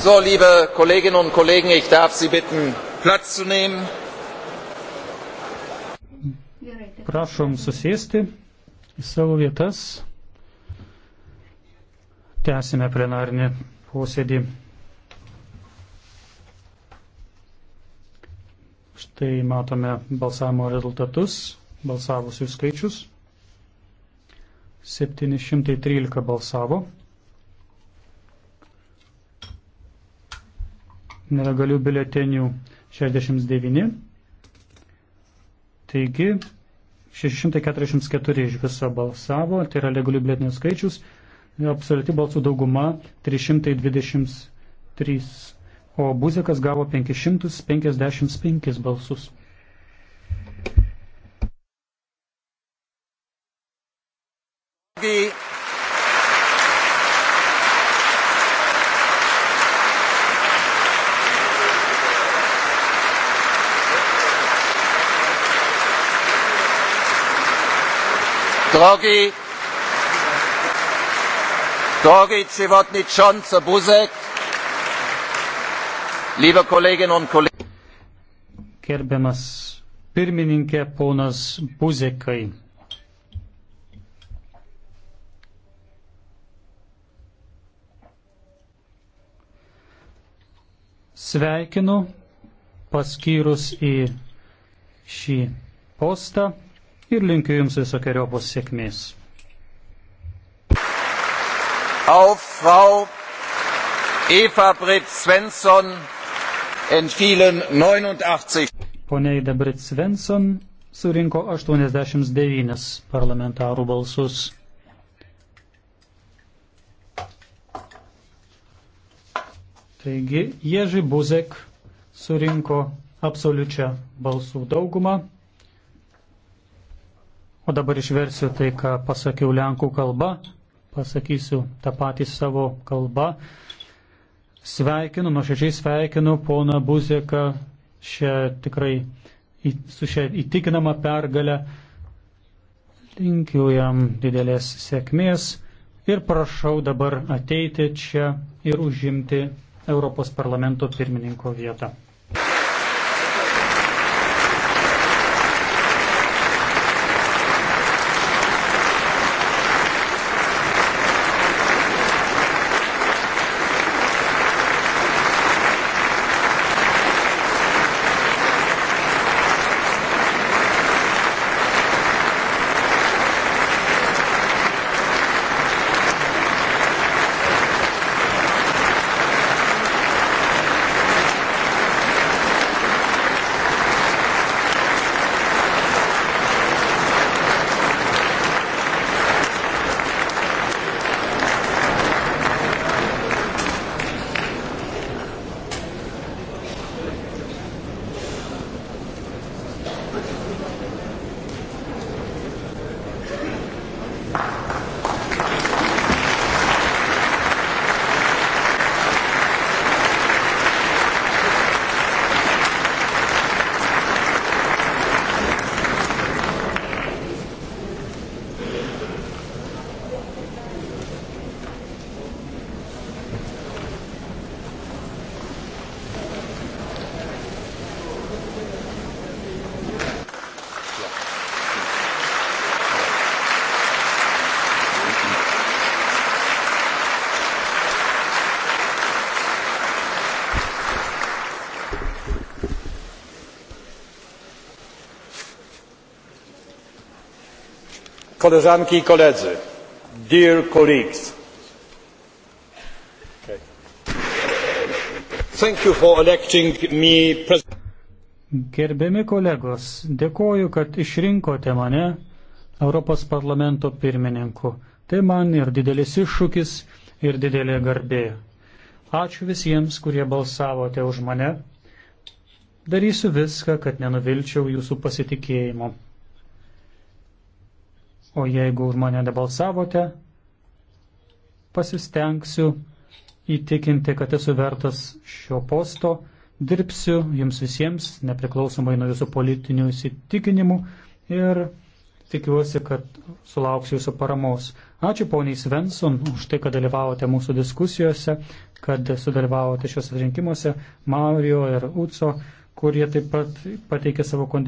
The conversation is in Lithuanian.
So, liebe Kolleginnen und Kollegen, ich darf Sie bitten, Platz zu nehmen. Prašom susėsti į savo vietas. Tęsime plenarinį posėdį. Štai matome balsavimo rezultatus, balsavusių skaičius. 713 balsavo, nelegalių biuletenių 69. Taigi 644 iš viso balsavo, tai yra legalių biuletinių skaičius, absoliuti balsų dauguma 323, o Buzikas gavo 555 balsus. Drogi, Drogi Civotničonce Buzek, liebe Kolleginnen und Kollegen. Gerbiamas pirmininkė, ponas Buzekai. Sveikinu paskyrus į šį postą ir linkiu Jums visokiojopos sėkmės. Auf Frau Eva Britt Svensson entfielen 89. Poniai Debrit Svensson surinko 89 parlamentarų balsus. Taigi Ježi Buzek surinko absoliučią balsų daugumą. O dabar išversiu tai, ką pasakiau lenkų kalba, pasakysiu tą patį savo kalbą. Sveikinu, nuoširdžiai sveikinu poną Buzeką šią tikrai su šią įtikinamą pergalę. Linkiu jam didelės sėkmės ir prašau dabar ateiti čia ir užimti Europos parlamento pirmininko vietą. Koleżanki i koledzy, dear colleagues, thank you for electing me president. Gerbiami kolegos, dėkoju, kad išrinkote mane Europos parlamento pirmininku. Tai man ir didelis iššūkis, ir didelė garbė. Ačiū visiems, kurie balsavote už mane. Darysiu viską, kad nenuvilčiau jūsų pasitikėjimo. O jeigu už mane nebalsavote, pasistengsiu įtikinti, kad esu vertas šio posto, dirbsiu jums visiems, nepriklausomai nuo jūsų politinių įsitikinimų ir tikiuosi, kad sulauksiu jūsų paramos. Ačiū poniai Svensson už tai, kad dalyvavote mūsų diskusijose, kad sudalyvavote šiuose rinkimuose, Mario ir Uco, kurie taip pat pateikė savo kondicijų.